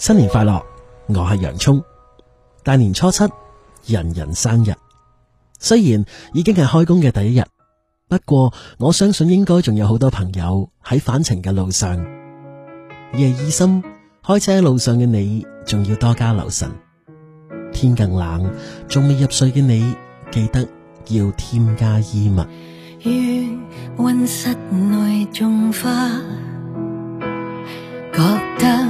新年快樂，我係洋蔥。大年初七，人人生日。雖然已經係開工嘅第一日，不過我相信應該仲有好多朋友喺返程嘅路上。夜已深，開車喺路上嘅你，仲要多加留神。天更冷，仲未入睡嘅你，記得要添加衣物。溫室內種花，覺得。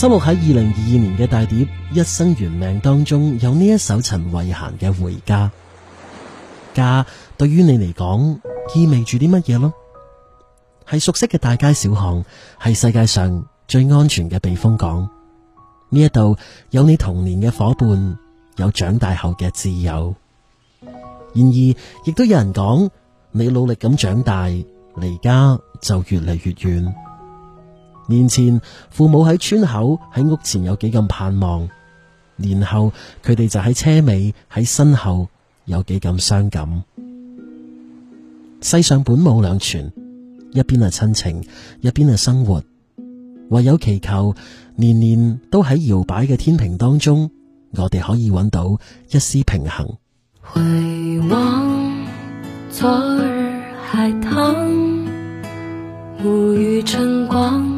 收錄喺二零二二年嘅大碟《一生懸命》當中，有呢一首陳慧嫻嘅《回家》，家對於你嚟講意味住啲乜嘢咯？係熟悉嘅大街小巷，係世界上最安全嘅避風港。呢一度有你童年嘅伙伴，有長大後嘅自由。然而，亦都有人講你努力咁長大，離家就越嚟越遠。年前父母喺村口、喺屋前有幾咁盼望，年後佢哋就喺車尾、喺身後有幾咁傷感。世上本冇兩全，一邊係親情，一邊係生活，唯有祈求年年都喺搖擺嘅天平當中，我哋可以揾到一絲平衡。回望昨日海棠，沐浴春光，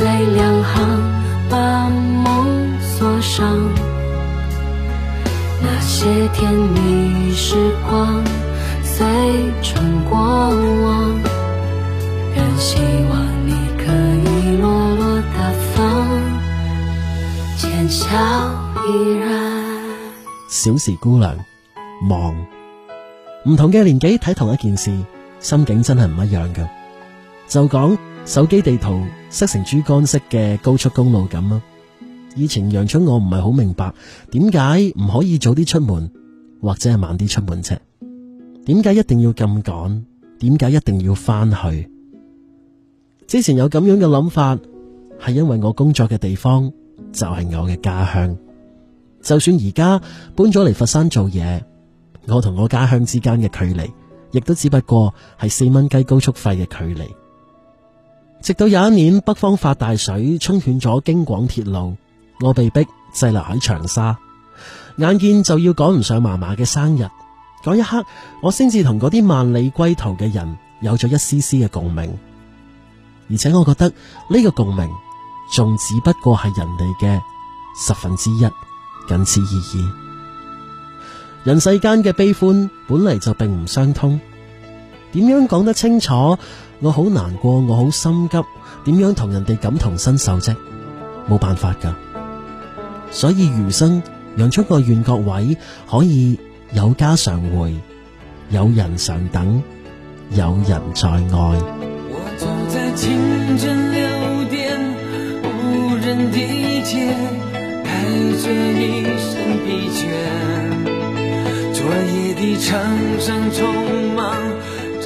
淚兩行把夢鎖上，那些甜蜜時光隨成過往，仍希望你可以落落大方，淺笑依然小時姑娘。忙，唔同嘅年紀睇同一件事，心境真係唔一樣㗎。就講手機地圖塞成珠江式嘅高速公路咁啊！以前楊春我唔係好明白，點解唔可以早啲出門，或者係晚啲出門啫？點解一定要咁趕？點解一定要翻去？之前有咁樣嘅諗法，係因為我工作嘅地方就係我嘅家鄉。就算而家搬咗嚟佛山做嘢，我同我家鄉之間嘅距離，亦都只不過係四蚊雞高速費嘅距離。直到有一年北方發大水，沖斷咗京廣鐵路，我被逼滯留喺長沙，眼見就要趕唔上嫲嫲嘅生日，嗰一刻我先至同嗰啲萬里歸途嘅人有咗一絲絲嘅共鳴，而且我覺得呢個共鳴仲只不過係人哋嘅十分之一，僅此而已。人世間嘅悲歡本嚟就並唔相通，點樣講得清楚？我好難過，我好心急，點樣同人哋感同身受啫？冇辦法噶。所以餘生讓出個願角位，可以有家常回，有人常等，有人在外。我走在清晨六點無人的街，帶着一身疲倦，昨夜的長生匆忙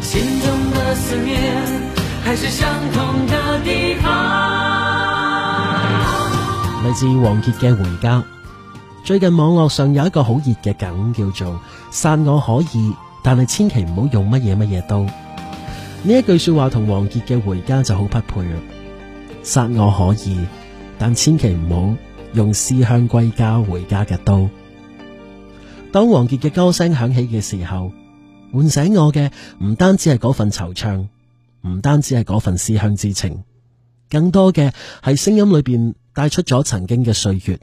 心中的思念，還是相同的地方。來自王傑嘅《回家》。最近網絡上有一個好熱嘅梗，叫做“殺我可以，但係千祈唔好用乜嘢乜嘢刀”。呢一句說話同王傑嘅《回家》就好匹配啦。殺我可以，但千祈唔好用思鄉歸家回家嘅刀。當王傑嘅歌聲響起嘅時候，喚醒我嘅唔單止係嗰份惆悵，唔單止係嗰份思鄉之情，更多嘅係聲音裏邊帶出咗曾經嘅歲月，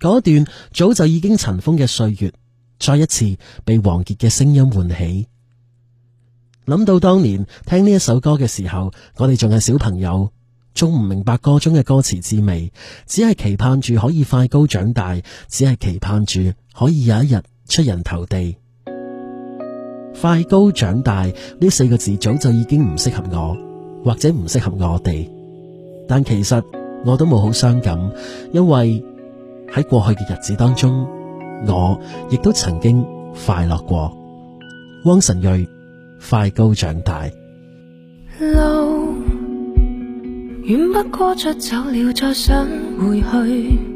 嗰段早就已經塵封嘅歲月，再一次被王傑嘅聲音喚起。諗到當年聽呢一首歌嘅時候，我哋仲係小朋友，仲唔明白歌中嘅歌詞滋味，只係期盼住可以快高長大，只係期盼住可以有一日出人頭地。快高長大呢四個字早就已經唔適合我，或者唔適合我哋。但其實我都冇好傷感，因為喺過去嘅日子當中，我亦都曾經快樂過。汪神瑞，快高長大。路遠不過，出走了再想回去。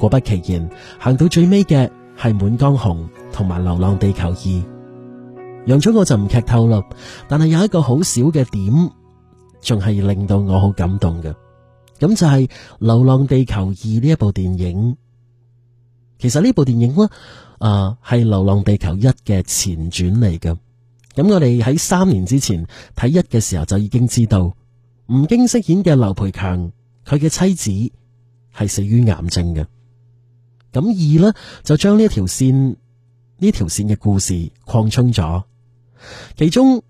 果不其然，行到最尾嘅係《滿江紅》同埋《流浪地球二》。楊總我就唔劇透啦，但係有一個好少嘅點，仲係令到我好感動嘅。咁就係、是《流浪地球二》呢一部電影，其實呢部電影咧，啊、呃，係《流浪地球一》嘅前傳嚟嘅。咁我哋喺三年之前睇一嘅時候就已經知道，吳京飾演嘅劉培強佢嘅妻子係死於癌症嘅。咁二呢，就將呢條線呢條線嘅故事擴充咗。其中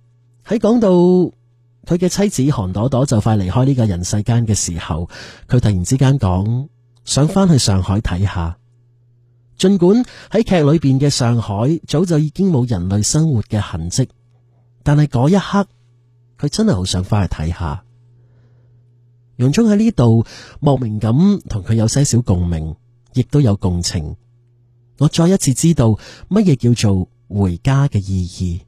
喺講到佢嘅妻子韓朵朵就快離開呢個人世間嘅時候，佢突然之間講想翻去上海睇下。儘管喺劇裏邊嘅上海早就已經冇人類生活嘅痕跡，但係嗰一刻佢真係好想翻去睇下。楊聰喺呢度莫名咁同佢有些少共鳴。亦都有共情，我再一次知道乜嘢叫做回家嘅意義。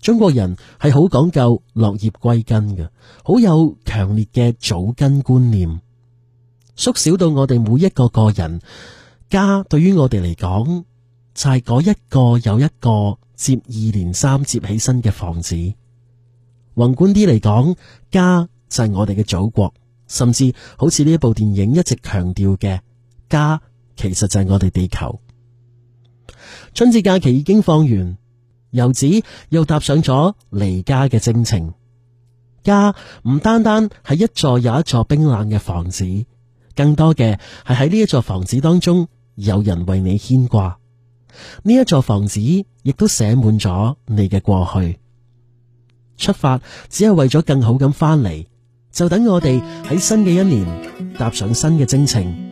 中國人係好講究落葉歸根嘅，好有強烈嘅祖根觀念。縮小到我哋每一個個人家，對於我哋嚟講就係嗰一個又一個接二連三接起身嘅房子。宏觀啲嚟講，家就係我哋嘅祖國，甚至好似呢一部電影一直強調嘅。家其實就係我哋地球。春節假期已經放完，遊子又踏上咗離家嘅征程。家唔單單係一座有一座冰冷嘅房子，更多嘅係喺呢一座房子當中有人為你牽掛。呢一座房子亦都寫滿咗你嘅過去。出發只係為咗更好咁翻嚟，就等我哋喺新嘅一年踏上新嘅征程。